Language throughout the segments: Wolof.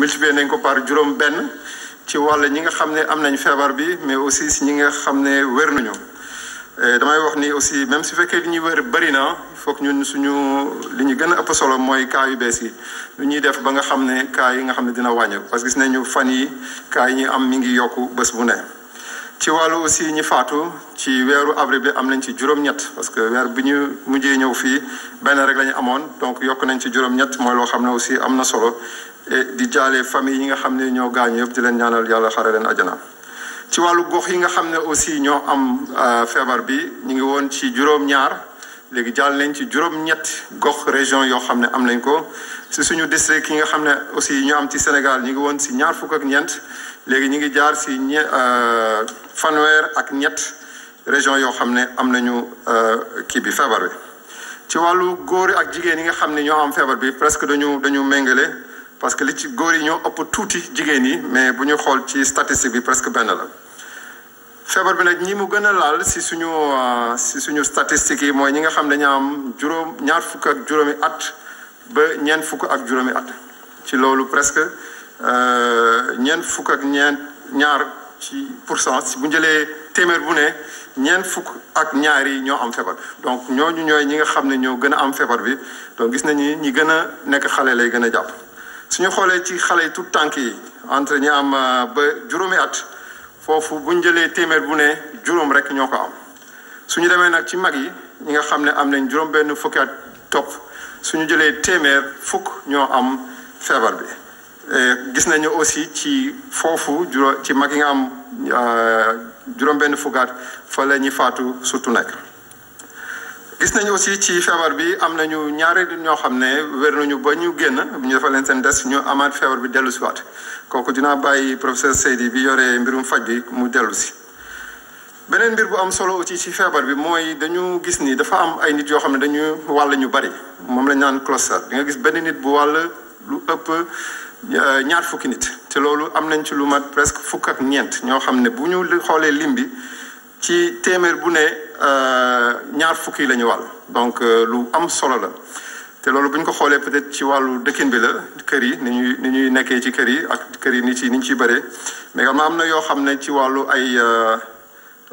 multiplier nañ ko par juróom benn ci wàll ñi nga xam ne am nañ feebar bi mais aussi si ñi nga xam ne wér nañu eh, damay wax ni aussi même su fekkee li ñuy wér bëri na foog ñun suñu li ñu gën a ëpp solo mooy cas yu bees yi lu ñuy def ba nga xam ne cas yi nga xam ne dina wàññeeku parce que gis nañu fan yi cas yi ñu am mi ngi yokk bés bu ne ci wàllu aussi ñi faatu ci weeru avril bi am nañ ci juróom parce que weer bi ñu mujjee ñëw fii benn rek amoon donc yokk nañ ci juróom-ñett loo xam ne aussi am na solo di jaale famille yi nga xam ne ñoo gaañu yëpp di leen ñaanal yàlla xare leen ajana ci wàllu gox yi nga xam ne aussi ñoo am euh, feebar bi ñu ngi woon ci juróom léegi jàll nañ ci juróom gox région yoo xam ne am nañ ko si suñu district yi nga xam ne aussi ñu am ci Sénégal ñu ngi woon si ñaar fukk ak ñeent léegi ñu ngi jaar si ñe euh, fanweer ak ñett région yoo xam ne am nañu euh, kii bi feebar bi ci wàllu góor yi ak jigéen yi nga xam ne ñoo am feebar bi presque dañu dañu méngale parce que li ci góor yi ñoo ëpp tuuti jigéen yi mais bu ñu xool ci statistique bi presque benn la feebar bi nag ñi mu gën a laal si suñu euh, si suñu statistiques yi mooy ñi nga xam ne am juróom ñaar fukk ak juróomi at ba ñeent fukk ak juróomi at ci loolu presque euh, ñeent fukk ak ñeent ñaar ci pourcent bu njëlee téeméer bu ne ñeent fukk ak ñaari ñoo am feebar donc ñoo ñu ñooy ñi nga xam ne ñoo gën a am feebar bi donc gis nañu ñi gën a nekk xale lay gën a jàpp. su ñu xoolee ci xale yi tout tànk yi entre ñi am euh, ba juróomi at foofu bu njëlee téeméer bu ne juróom rekk ñoo ko am suñu demee nag ci mag yi ñi nga xam ne am nañ juróom benn fukki at topp ñu jëlee téeméer fukk ñoo am feebar bi. Eh, gis nañu aussi ci foofu juróom ci mag yi nga am euh, juróom-benn fukkaat fa la ñuy faatu surtout nekk gis nañu aussi ci feebar bi am nañu ñaari ñoo xam ne wér nañu ba ñu génn ñu defal leen seen des ñu amaat feebar bi dellu si waat kooku dinaa bàyyi professeur Seydi bi yore mbirum faj bi mu dellu si beneen mbir bu am solo aussi ci feebar bi mooy dañu gis ni dafa am ay nit yoo xam ne dañu wàll ñu bari moom lañ naan cluster di nga gis benn nit bu wàll lu ëpp ñaar fukki nit te loolu am nañ ci lu mat presque fukk ak ñeent ñoo xam ne bu ñu xoolee lim bi ci téeméer bu ne euh, ñaar fukki lañu ñu wàll donc euh, lu am solo la te loolu bu ñu ko xoolee peut-être ci wàllu dëkkin bi la kër yi ni ñuy ni ñuy nekkee ci kër yi ak kër yi nit ci ni ñu ciy bëree mais également am na yoo xam ne ci wàllu ay euh,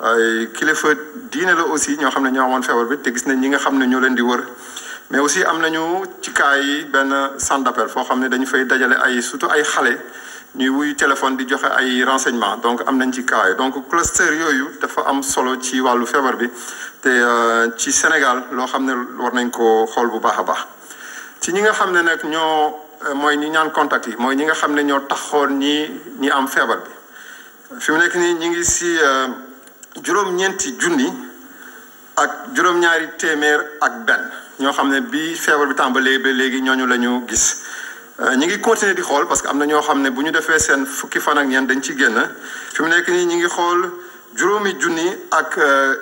ay kilifa diine la aussi ñoo xam ne ñoo amoon feebar bi te gis nañ ñi nga xam ne ñoo leen di wër mais aussi am nañu ci cas yi benn centre d'appel foo xam ne dañu fay dajale ay surtout ay xale ñuy wuy téléphone di joxe ay renseignements donc am nañ ci cas yi donc cluster yooyu dafa am solo ci wàllu feebar bi te euh, ci Sénégal loo xam ne war nañ ko xool bu baax a baax ci ñi nga xam ne nag ñoo euh, mooy ñi ñaan contact yi mooy ñi nga xam ne ñoo taxoon ñi ñi am feebar bi fi mu nekk nii ñi ngi si euh, juróom-ñeenti junni ak juróom-ñaari téeméer ak benn. ñoo xam ne bi feebar bi tàmbalee be léegi ñooñu lañu gis euh, ñi ngi continuer di xool parce que am na ñoo xam ne bu ñu defee seen fukki fan ak ñeent dañ ci génn fi mu nekk nii ñi ngi xool juróomi junni ak euh,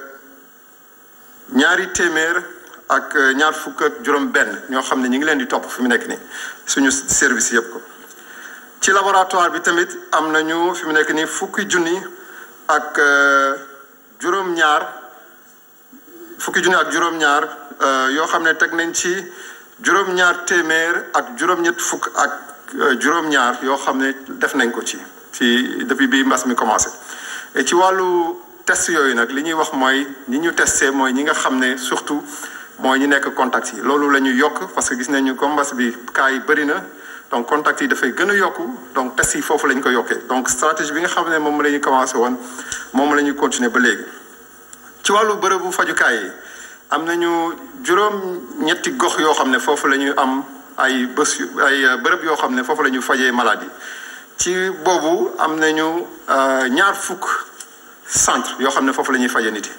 ñaari téeméer ak euh, ñaar ñoo xam ne ñi ngi leen di topp fi mu nekk nii suñu service yëpp ci laboratoire bi tamit am nañu fi mu nekk nii fukki junni ak juróom fukki junni ak juróom-ñaar Euh, yoo xam ne teg nañ ci juróom-ñaar téeméer ak juróom-ñett fukk ak euh, juróom-ñaar yoo xam ne def nañ ko ci ci depuis bi mbas mi commencé et ci wàllu test yooyu nag li ñuy wax mooy ñi ñu testé mooy ñi nga xam ne surtout mooy ñu nekk contact yi loolu la ñu yokk parce que gis nañu comme mbas bi cas yi bëri na donc contact yi dafay gën a yokku donc test yi foofu lañ ko yokkee donc stratégie bi nga xam ne moom la ñu commencé woon moom la ñu continuer ba léegi ci wàllu bërëbu fajukaay yi am nañu juróom ñetti gox yoo xam ne foofu la ñu am ay bés ay euh, bërëb yoo xam ne foofu la ñu fajee maladie ci boobu am nañu euh, ñaar fukk centre yoo xam ne foofu la ñuy fajee nit yi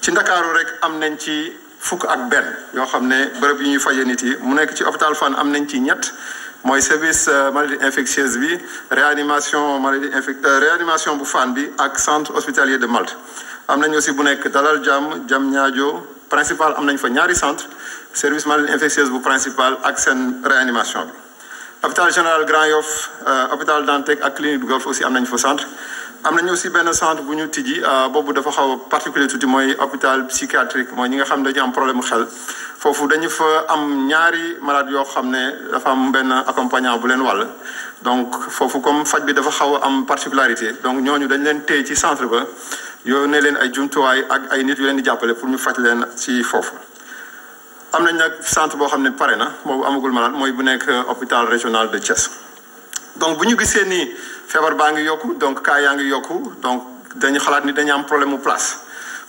ci ndakaaru rek am nañ ci fukk ak benn yoo xam ne bërëb yu ñuy fajee nit yi mu nekk ci hôpital Fann am nañ ci ñett mooy service euh, maladie infectieuse bi réanimation maladie infect euh, réanimation bu Fann bi ak centre hospitalier de Malte am nañ aussi bu nekk Dalal Jàmm Diamniadio principal am nañ fa ñaari centre service maladie infectieuse bu principal ak seen réanimation bi hôpital général Grand Yoff euh, hôpital Dantec ak clinique du Golf aussi am nañ fa centre am nañu aussi benn centre bu ñu tijji boobu dafa xaw a particulier tuuti mooy hôpital psychiatrique mooy ñi nga xam ne dañu am problème foofu dañu fa am ñaari malade yoo xam ne dafa am benn accompagnant bu leen wàll donc foofu comme faj bi dafa xaw a am particularité donc ñooñu dañu leen téye ci centre ba yónnee leen ay jumtuwaay ak ay nit yu leen jàppale pour ñu faj leen ci foofu. am nañ nag centre boo xam ne pare na boobu amagul malade mooy bu nekk hôpital régional de Thiès donc bu ñu gisee nii feebar baa ngi yokku donc cas yaa ngi yokku donc dañu xalaat ni dañu am problème mu place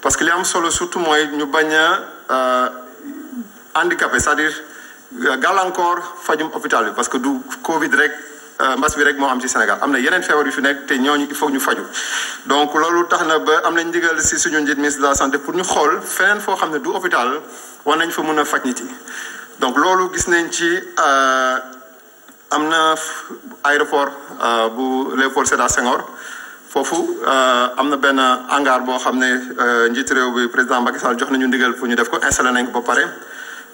parce que li am solo surtout mooy ñu bañ a euh, handicapé c'est-à-dire euh, gàllankoor fajum hôpital bi parce que du Covid rek euh, mbas bi rek moo am ci Sénégal am na yeneen feebar yu fi nekk te ñooñu il faut ñu faju donc loolu tax na ba am nañ ndigal si suñu njiit ministre de la santé pour ñu xool feneen foo xam ne du hôpital war nañ fa mën a faj nit yi donc loolu gis nañ ci euh, am na aéroport bu Léopold Sédar Senghor foofu am na benn hangar boo xam ne njiit réew bi président Macky Sall jox nañu ndigal pour ñu def ko installé nañ ko ba pare.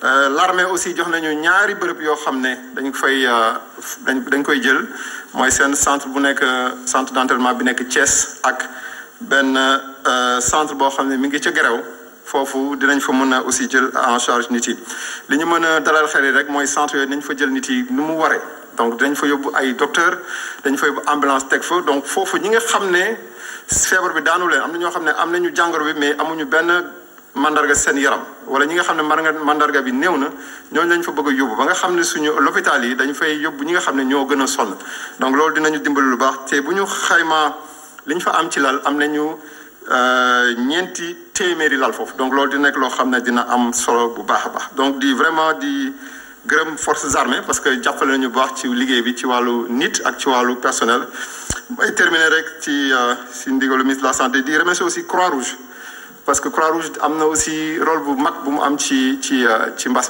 Euh, l'armée aussi jox nañu ñaari bërëb yoo xam ne dañ fay euh, dañ dañ koy jël mooy seen centre bu nekk euh, centre d'entraînement bi nekk Thiès ak benn centre boo xam ne mu ngi ci Gerew foofu dinañ fa mun a aussi jël en charge nit yi li ñu mën a dalal rek mooy centre yooyu dinañ fa jël nit yi nu mu waree donc dañ fa yóbbu ay docteur dañ fa yóbbu ambulance teg fa donc foofu ñi nga xam ne feebar bi daanu leen am na ñoo xam ne am nañu jàngoro bi mais amuñu benn. mandarga seen yaram wala ñi nga xam ne mandarga bi néew na ñooñu lañ fa bëgg a yóbbu ba nga xam ne suñu l'hôpital yi dañ fay yóbbu ñi nga xam ne ñoo gën a sonn donc loolu dinañu dimbali lu baax te bu ñu xayma li ñu fa am ci lal am na nañu euh, ñeenti téeméeri lal foofu donc loolu di nekk loo xam ne dina am solo bu baax a baax donc di vraiment di gërëm forces armées parce que jàppale nañu bu baax ci liggéey bi ci wàllu nit ak ci wàllu personnel mooy terminer rek ci euh, si ndigalu ministre de la santé aussi Croix-Rouge parce que Croix-Rouge am na aussi rôle bu mag bu mu am ci ci euh, ci mbas